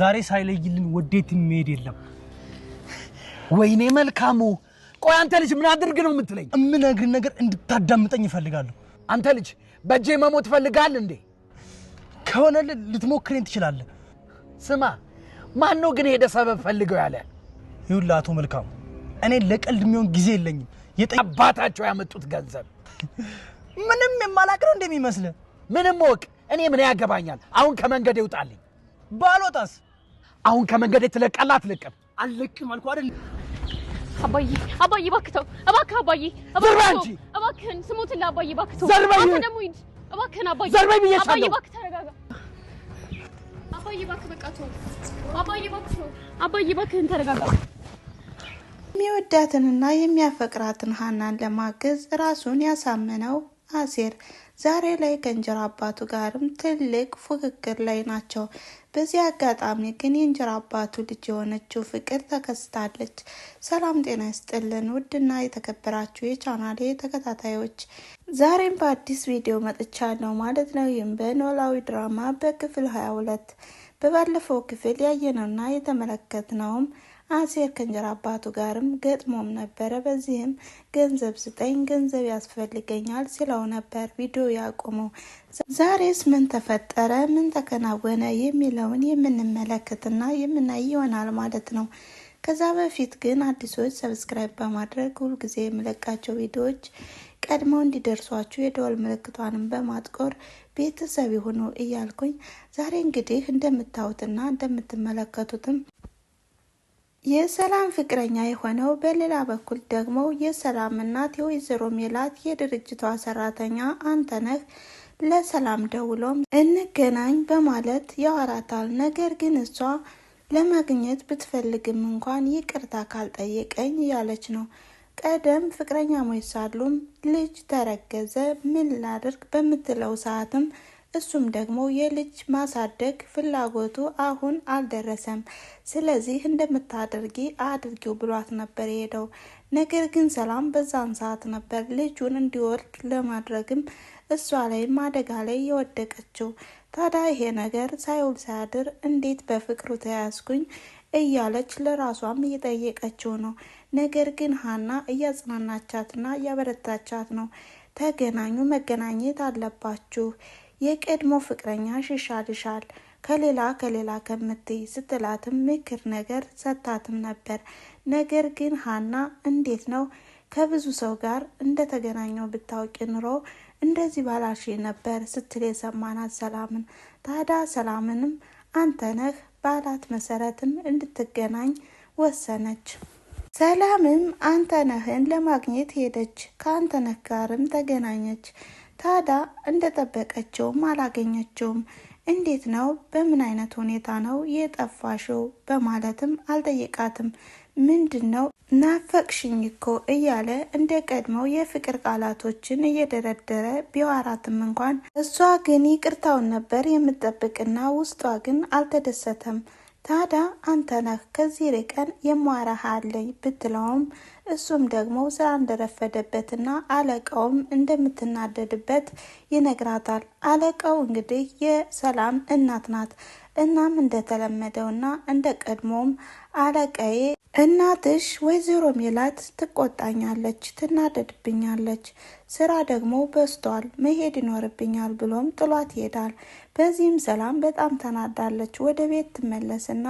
ዛሬ ሳይለይልን ወዴት የሚሄድ የለም። ወይኔ መልካሙ፣ ቆይ አንተ ልጅ ምን አድርግ ነው የምትለኝ? እምነግርህ ነገር እንድታዳምጠኝ እፈልጋለሁ። አንተ ልጅ በእጄ መሞት ፈልጋል እንዴ? ከሆነልህ ልትሞክሬን ትችላለህ። ስማ፣ ማን ነው ግን ሄደ ሰበብ ፈልገው ያለ? ይኸውልህ አቶ መልካሙ፣ እኔ ለቀልድ የሚሆን ጊዜ የለኝም። አባታቸው ያመጡት ገንዘብ ምንም የማላቅ ነው እንደሚመስልህ? ምንም ወቅ እኔ ምን ያገባኛል? አሁን ከመንገድ ይውጣልኝ። ባልወጣስ አሁን ከመንገድ የተለቀላ አትለቀም። አልለቅም አልኩ አይደል? አባዬ አባዬ፣ እባክህ ተው እባክህ፣ አባዬ እባክህ፣ እባክህን ስሙትን አባዬ፣ እባክህ ተው። አንተ ደግሞ ሂድ እባክህን፣ አባዬ ዘርበኝ ብዬሻለሁ። አባዬ እባክህ ተረጋጋ። አባዬ እባክህ በቃ ተው። አባዬ እባክህ ተው። አባዬ እባክህን ተረጋጋ። የሚወዳትንና የሚያፈቅራትን ሀናን ለማገዝ ራሱን ያሳመነው አሴር ዛሬ ላይ ከእንጀራ አባቱ ጋርም ትልቅ ፉክክር ላይ ናቸው። በዚህ አጋጣሚ ግን የእንጀራ አባቱ ልጅ የሆነችው ፍቅር ተከስታለች። ሰላም ጤና ይስጥልን ውድና የተከበራችሁ የቻናሌ ተከታታዮች ዛሬም በአዲስ ቪዲዮ መጥቻለሁ ማለት ነው። ይህም በኖላዊ ድራማ በክፍል ሀያ ሁለት በባለፈው ክፍል ያየነውና የተመለከትነውም አሴር ከእንጀራ አባቱ ጋርም ገጥሞም ነበረ። በዚህም ገንዘብ ስጠኝ፣ ገንዘብ ያስፈልገኛል ሲለው ነበር ቪዲዮ ያቆመው። ዛሬስ ምን ተፈጠረ፣ ምን ተከናወነ የሚለውን የምንመለከትና የምናይ ይሆናል ማለት ነው። ከዛ በፊት ግን አዲሶች ሰብስክራይብ በማድረግ ሁልጊዜ የምለቃቸው ቪዲዮዎች ቀድመው እንዲደርሷችሁ የደወል ምልክቷንም በማጥቆር ቤተሰብ ይሁኑ እያልኩኝ ዛሬ እንግዲህ እንደምታዩትና እንደምትመለከቱትም የሰላም ፍቅረኛ የሆነው በሌላ በኩል ደግሞ የሰላም እናት የወይዘሮ ሜላት የድርጅቷ ሰራተኛ አንተነህ ለሰላም ደውሎም እንገናኝ በማለት ያወራታል። ነገር ግን እሷ ለማግኘት ብትፈልግም እንኳን ይቅርታ ካልጠየቀኝ እያለች ነው። ቀደም ፍቅረኛ ሞይሳሉም ልጅ ተረገዘ ምን ላድርግ በምትለው ሰዓትም እሱም ደግሞ የልጅ ማሳደግ ፍላጎቱ አሁን አልደረሰም። ስለዚህ እንደምታደርጊ አድርጊው ብሏት ነበር የሄደው። ነገር ግን ሰላም በዛን ሰዓት ነበር ልጁን እንዲወልድ ለማድረግም እሷ ላይም አደጋ ላይ የወደቀችው። ታዲያ ይሄ ነገር ሳይውል ሳያድር እንዴት በፍቅሩ ተያዝኩኝ እያለች ለራሷም እየጠየቀችው ነው። ነገር ግን ሀና እያጽናናቻትና እያበረታቻት ነው። ተገናኙ፣ መገናኘት አለባችሁ የቀድሞ ፍቅረኛ ይሻልሻል ከሌላ ከሌላ ከምትይ ስትላትም ምክር ነገር ሰታትም ነበር። ነገር ግን ሀና እንዴት ነው ከብዙ ሰው ጋር እንደተገናኘው ብታውቂ ኑሮ እንደዚህ ባላሽ ነበር ስትል የሰማናት ሰላምን። ታዳ ሰላምንም አንተ ነህ ባላት መሰረትም እንድትገናኝ ወሰነች። ሰላምም አንተነህን ለማግኘት ሄደች። ከአንተነህ ጋርም ተገናኘች። ታዳ እንደጠበቀችውም አላገኘችውም። እንዴት ነው? በምን አይነት ሁኔታ ነው የጠፋሽው? በማለትም አልጠየቃትም። ምንድን ነው ናፈቅሽኝ እኮ እያለ እንደ ቀድሞው የፍቅር ቃላቶችን እየደረደረ ቢዋራትም እንኳን እሷ ግን ይቅርታውን ነበር የምትጠብቅና ውስጧ ግን አልተደሰተም። ታዲያ አንተ ነህ ከዚህ ርቀን የማረሃለኝ ብትለውም እሱም ደግሞ ስራ እንደረፈደበትና አለቃውም እንደምትናደድበት ይነግራታል። አለቃው እንግዲህ የሰላም እናት ናት። እናም እንደተለመደውና እንደ ቀድሞም አለቃዬ እናትሽ ወይዘሮ ሜላት ትቆጣኛለች፣ ትናደድብኛለች፣ ስራ ደግሞ በስቷል መሄድ ይኖርብኛል ብሎም ጥሏት ይሄዳል። በዚህም ሰላም በጣም ተናዳለች። ወደ ቤት ትመለስና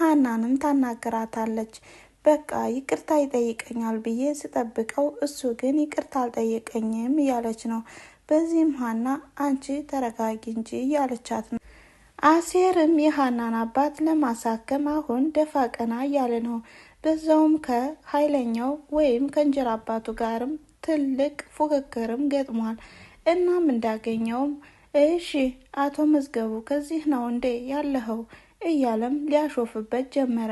ሀናንም ታናግራታለች። በቃ ይቅርታ ይጠይቀኛል ብዬ ስጠብቀው እሱ ግን ይቅርታ አልጠየቀኝም እያለች ነው። በዚህም ሀና አንቺ ተረጋጊ እንጂ እያለቻት ነው። አሴርም የሀናን አባት ለማሳከም አሁን ደፋ ቀና እያለ ነው። በዛውም ከኃይለኛው ወይም ከእንጀራ አባቱ ጋርም ትልቅ ፉክክርም ገጥሟል። እናም እንዳገኘውም እሺ አቶ መዝገቡ ከዚህ ነው እንዴ ያለኸው? እያለም ሊያሾፍበት ጀመረ።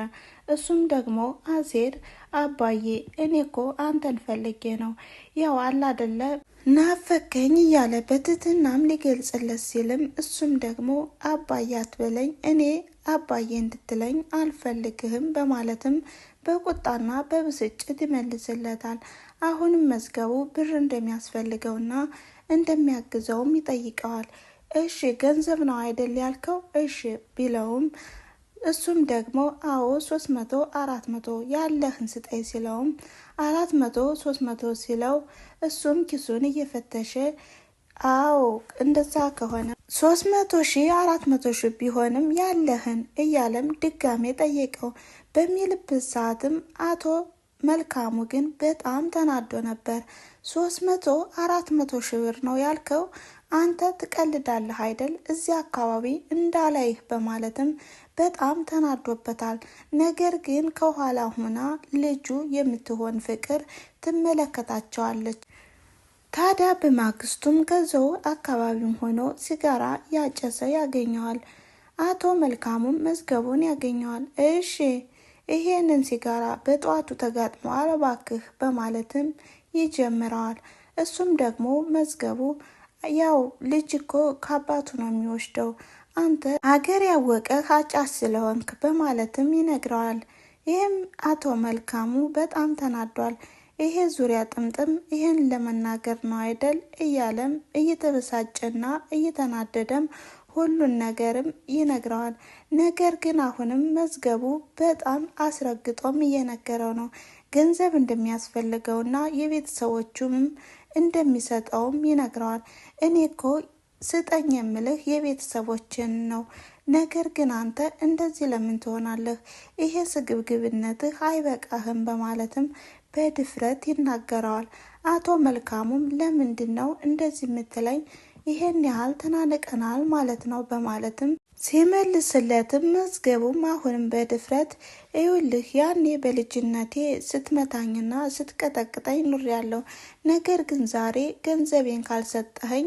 እሱም ደግሞ አሴር አባዬ እኔ እኮ አንተን ፈልጌ ነው ያው አላደለ ናፈከኝ እያለ በትትናም ሊገልጽለት ሲልም እሱም ደግሞ አባዬ አትበለኝ እኔ አባዬ እንድትለኝ አልፈልግህም በማለትም በቁጣና በብስጭት ይመልስለታል። አሁንም መዝገቡ ብር እንደሚያስፈልገውና እንደሚያግዘውም ይጠይቀዋል። እሺ ገንዘብ ነው አይደል ያልከው? እሺ ቢለውም እሱም ደግሞ አዎ ሶስት መቶ አራት መቶ ያለህን ስጠኝ ሲለውም አራት መቶ ሶስት መቶ ሲለው እሱም ኪሱን እየፈተሸ አዎ እንደዛ ከሆነ ሶስት መቶ ሺ አራት መቶ ሺ ቢሆንም ያለህን እያለም ድጋሜ ጠየቀው በሚልብት ሰዓትም አቶ መልካሙ ግን በጣም ተናዶ ነበር። ሶስት መቶ አራት መቶ ሺህ ብር ነው ያልከው አንተ ትቀልዳለህ አይደል? እዚህ አካባቢ እንዳላይህ በማለትም በጣም ተናዶበታል። ነገር ግን ከኋላ ሆና ልጁ የምትሆን ፍቅር ትመለከታቸዋለች። ታዲያ በማግስቱም ከዘው አካባቢም ሆኖ ሲጋራ ያጨሰ ያገኘዋል። አቶ መልካሙም መዝገቡን ያገኘዋል። እሺ ይሄንን ሲጋራ በጠዋቱ ተጋጥሞ አረባክህ በማለትም ይጀምረዋል። እሱም ደግሞ መዝገቡ ያው ልጅ እኮ ከአባቱ ነው የሚወስደው፣ አንተ አገር ያወቀ አጫስ ስለሆንክ በማለትም ይነግረዋል። ይህም አቶ መልካሙ በጣም ተናዷል። ይሄ ዙሪያ ጥምጥም ይህን ለመናገር ነው አይደል እያለም እየተበሳጨና እየተናደደም ሁሉን ነገርም ይነግረዋል። ነገር ግን አሁንም መዝገቡ በጣም አስረግጦም እየነገረው ነው ገንዘብ እንደሚያስፈልገውና የቤተሰቦቹም እንደሚሰጠውም ይነግረዋል። እኔ እኮ ስጠኝ የምልህ የቤተሰቦችን ነው። ነገር ግን አንተ እንደዚህ ለምን ትሆናለህ? ይሄ ስግብግብነትህ አይበቃህም በማለትም በድፍረት ይናገረዋል። አቶ መልካሙም ለምንድን ነው እንደዚህ የምትለኝ ይሄን ያህል ተናንቀናል ማለት ነው በማለትም ሲመልስለትም መዝገቡም አሁንም በድፍረት ይኸውልህ ያኔ በልጅነቴ ስትመታኝና ስትቀጠቅጠኝ ኑሬያለሁ። ነገር ግን ዛሬ ገንዘቤን ካልሰጠኸኝ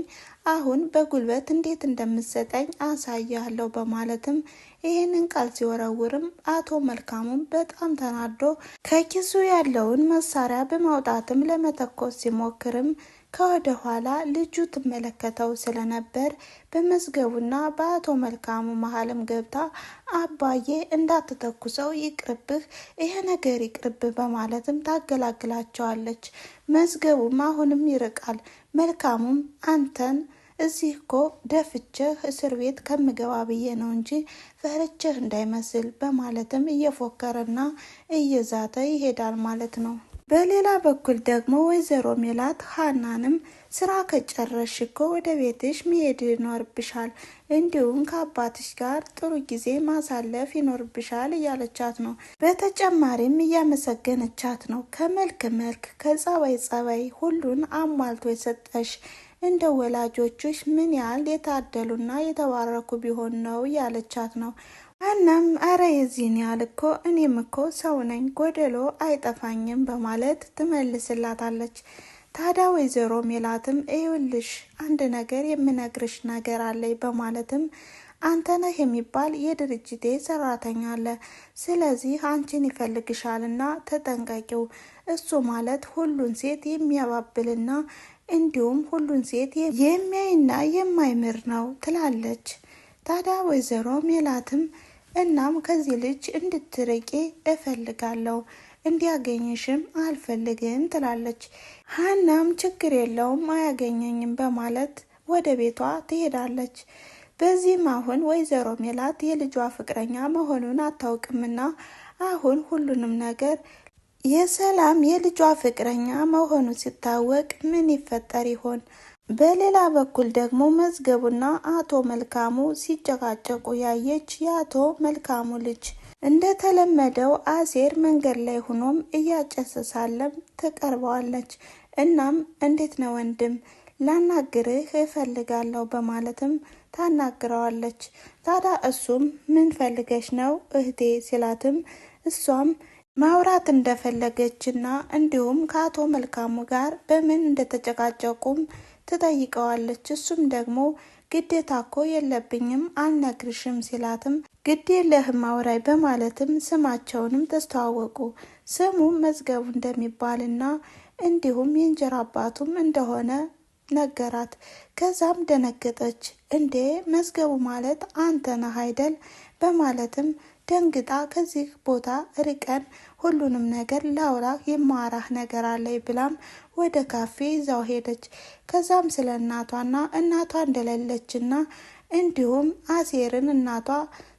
አሁን በጉልበት እንዴት እንደምሰጠኝ አሳያለሁ በማለትም ይህንን ቃል ሲወረውርም አቶ መልካሙም በጣም ተናዶ ከኪሱ ያለውን መሳሪያ በማውጣትም ለመተኮስ ሲሞክርም ከወደ ኋላ ልጁ ትመለከተው ስለነበር በመዝገቡና በአቶ መልካሙ መሀልም ገብታ አባዬ እንዳትተኩሰው ይቅርብህ፣ ይሄ ነገር ይቅርብህ በማለትም ታገላግላቸዋለች። መዝገቡም አሁንም ይርቃል። መልካሙም አንተን እዚህ እኮ ደፍቼህ እስር ቤት ከምገባ ብዬ ነው እንጂ ፈርቼህ እንዳይመስል በማለትም እየፎከረና እየዛተ ይሄዳል ማለት ነው። በሌላ በኩል ደግሞ ወይዘሮ ሜላት ሀናንም ስራ ከጨረሽ እኮ ወደ ቤትሽ መሄድ ይኖርብሻል፣ እንዲሁም ከአባትሽ ጋር ጥሩ ጊዜ ማሳለፍ ይኖርብሻል እያለቻት ነው። በተጨማሪም እያመሰገነቻት ነው። ከመልክ መልክ፣ ከጸባይ ጸባይ ሁሉን አሟልቶ የሰጠሽ እንደ ወላጆችሽ ምን ያህል የታደሉና የተባረኩ ቢሆን ነው እያለቻት ነው። አናም አረ የዚህን ያህል እኮ እኔም እኮ ሰው ነኝ ጎደሎ አይጠፋኝም በማለት ትመልስላታለች። ታዲያ ወይዘሮ ሜላትም ይኸውልሽ አንድ ነገር የምነግርሽ ነገር አለኝ በማለትም አንተነህ የሚባል የድርጅቴ ሰራተኛ አለ። ስለዚህ አንቺን ይፈልግሻልና ተጠንቀቂው። እሱ ማለት ሁሉን ሴት የሚያባብልና እንዲሁም ሁሉን ሴት የሚያይና የማይምር ነው ትላለች። ታዲያ ወይዘሮ ሜላትም እናም ከዚህ ልጅ እንድትርቄ እፈልጋለሁ እንዲያገኝሽም አልፈልግም ትላለች። ሀናም ችግር የለውም አያገኘኝም በማለት ወደ ቤቷ ትሄዳለች። በዚህም አሁን ወይዘሮ ሜላት የልጇ ፍቅረኛ መሆኑን አታውቅምና አሁን ሁሉንም ነገር የሰላም የልጇ ፍቅረኛ መሆኑ ሲታወቅ ምን ይፈጠር ይሆን? በሌላ በኩል ደግሞ መዝገቡና አቶ መልካሙ ሲጨቃጨቁ ያየች የአቶ መልካሙ ልጅ እንደተለመደው አሴር መንገድ ላይ ሆኖም እያጨሰ ሳለም ትቀርበዋለች። እናም እንዴት ነው ወንድም ላናግርህ እፈልጋለሁ በማለትም ታናግረዋለች። ታዲያ እሱም ምን ፈልገሽ ነው እህቴ ሲላትም እሷም ማውራት እንደፈለገችና እንዲሁም ከአቶ መልካሙ ጋር በምን እንደተጨቃጨቁም ትጠይቀዋለች። እሱም ደግሞ ግዴታ እኮ የለብኝም አልነግርሽም ሲላትም ግዴ ለህም አውራይ በማለትም ስማቸውንም ተስተዋወቁ። ስሙ መዝገቡ እንደሚባልና እንዲሁም የእንጀራ አባቱም እንደሆነ ነገራት። ከዛም ደነገጠች። እንዴ መዝገቡ ማለት አንተ ነህ አይደል? በማለትም ደንግጣ ከዚህ ቦታ ርቀን ሁሉንም ነገር ላውራ የማራህ ነገር አለይ ብላም ወደ ካፌ ይዛው ሄደች። ከዛም ስለ እናቷና እናቷ እንደሌለችና እንዲሁም አሴርን እናቷ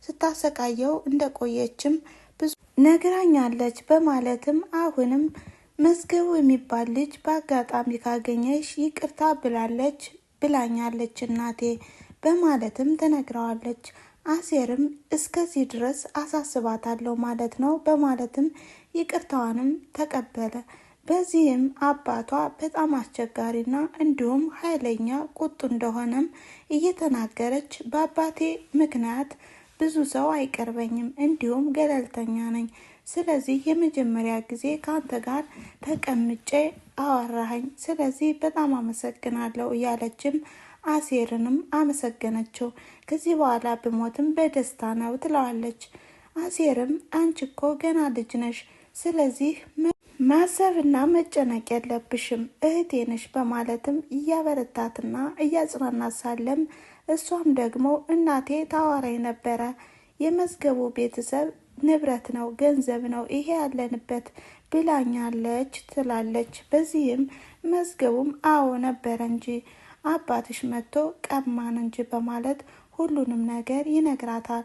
ስታሰቃየው እንደቆየችም ብዙ ነግራኛለች በማለትም አሁንም መዝገቡ የሚባል ልጅ በአጋጣሚ ካገኘሽ ይቅርታ ብላለች ብላኛለች እናቴ በማለትም ትነግረዋለች። አሴርም እስከዚህ ድረስ አሳስባታለሁ ማለት ነው በማለትም ይቅርታዋንም ተቀበለ። በዚህም አባቷ በጣም አስቸጋሪና እንዲሁም ኃይለኛ ቁጡ እንደሆነም እየተናገረች በአባቴ ምክንያት ብዙ ሰው አይቀርበኝም፣ እንዲሁም ገለልተኛ ነኝ። ስለዚህ የመጀመሪያ ጊዜ ከአንተ ጋር ተቀምጬ አወራኸኝ፣ ስለዚህ በጣም አመሰግናለሁ እያለችም አሴርንም አመሰገነችው። ከዚህ በኋላ ብሞትም በደስታ ነው ትለዋለች። አሴርም አንቺ እኮ ገና ልጅ ነሽ፣ ስለዚህ ማሰብና መጨነቅ የለብሽም እህቴ ነሽ በማለትም እያበረታትና እያጽናናት ሳለም እሷም ደግሞ እናቴ ታዋራይ ነበረ የመዝገቡ ቤተሰብ ንብረት ነው፣ ገንዘብ ነው፣ ይሄ ያለንበት ብላኛለች ትላለች። በዚህም መዝገቡም አዎ ነበረ እንጂ አባትሽ መጥቶ ቀማን እንጂ በማለት ሁሉንም ነገር ይነግራታል።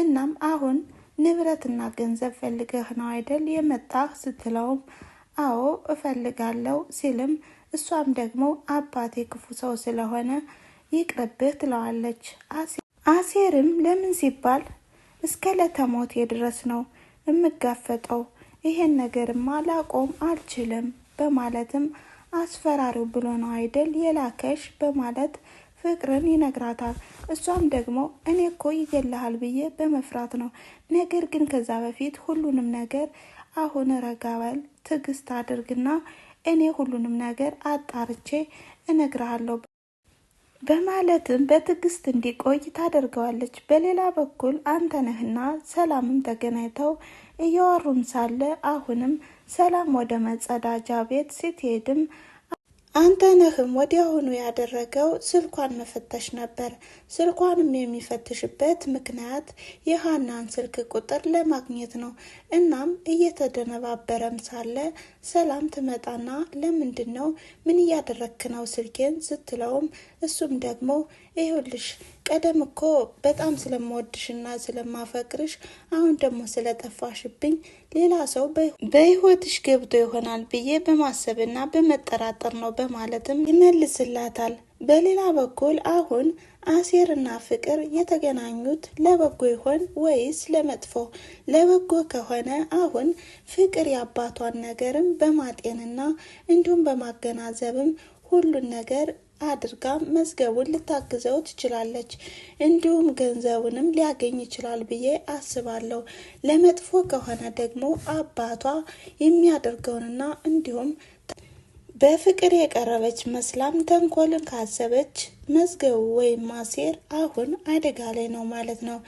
እናም አሁን ንብረትና ገንዘብ ፈልገህ ነው አይደል የመጣህ ስትለውም አዎ እፈልጋለሁ ሲልም እሷም ደግሞ አባቴ ክፉ ሰው ስለሆነ ይቅርብህ ትለዋለች። አሴርም ለምን ሲባል እስከ ለተሞቴ ድረስ ነው የምጋፈጠው፣ ይሄን ነገርማ ላቆም አልችልም በማለትም አስፈራሪው ብሎ ነው አይደል የላከሽ በማለት ፍቅርን ይነግራታል። እሷም ደግሞ እኔ እኮ ይገልሃል ብዬ በመፍራት ነው። ነገር ግን ከዛ በፊት ሁሉንም ነገር አሁን ረጋበል ትዕግስት አድርግና እኔ ሁሉንም ነገር አጣርቼ እነግርሃለሁ በማለትም በትዕግስት እንዲቆይ ታደርገዋለች። በሌላ በኩል አንተነህና ሰላምም ተገናኝተው እያወሩም ሳለ አሁንም ሰላም ወደ መጸዳጃ ቤት ስትሄድም ነህም ወዲያውኑ ያደረገው ስልኳን መፈተሽ ነበር። ስልኳንም የሚፈትሽበት ምክንያት የሀናን ስልክ ቁጥር ለማግኘት ነው። እናም እየተደነባበረም ሳለ ሰላም ትመጣና ለምንድን ነው ምን እያደረክ ነው ስልኬን ስትለውም እሱም ደግሞ ይኸውልሽ ቀደም እኮ በጣም ስለምወድሽና ስለማፈቅርሽ አሁን ደግሞ ስለጠፋሽብኝ ሌላ ሰው በህይወትሽ ገብቶ ይሆናል ብዬ በማሰብና በመጠራጠር ነው በማለትም ይመልስላታል። በሌላ በኩል አሁን አሴርና ፍቅር የተገናኙት ለበጎ ይሆን ወይስ ለመጥፎ? ለበጎ ከሆነ አሁን ፍቅር የአባቷን ነገርም በማጤንና እንዲሁም በማገናዘብም ሁሉን ነገር አድርጋ መዝገቡን ልታግዘው ትችላለች። እንዲሁም ገንዘቡንም ሊያገኝ ይችላል ብዬ አስባለሁ። ለመጥፎ ከሆነ ደግሞ አባቷ የሚያደርገውንና እንዲሁም በፍቅር የቀረበች መስላም ተንኮልን ካሰበች መዝገቡ ወይም ማሴር አሁን አደጋ ላይ ነው ማለት ነው።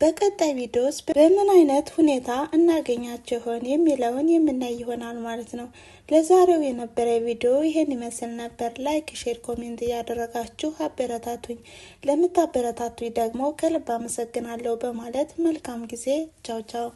በቀጣይ ቪዲዮስ በምን አይነት ሁኔታ እናገኛቸው ይሆን የሚለውን የምናይ ይሆናል ማለት ነው። ለዛሬው የነበረ ቪዲዮ ይሄን ይመስል ነበር። ላይክ፣ ሼር፣ ኮሜንት እያደረጋችሁ አበረታቱኝ። ለምታበረታቱኝ ደግሞ ከልብ አመሰግናለሁ በማለት መልካም ጊዜ። ቻው ቻው።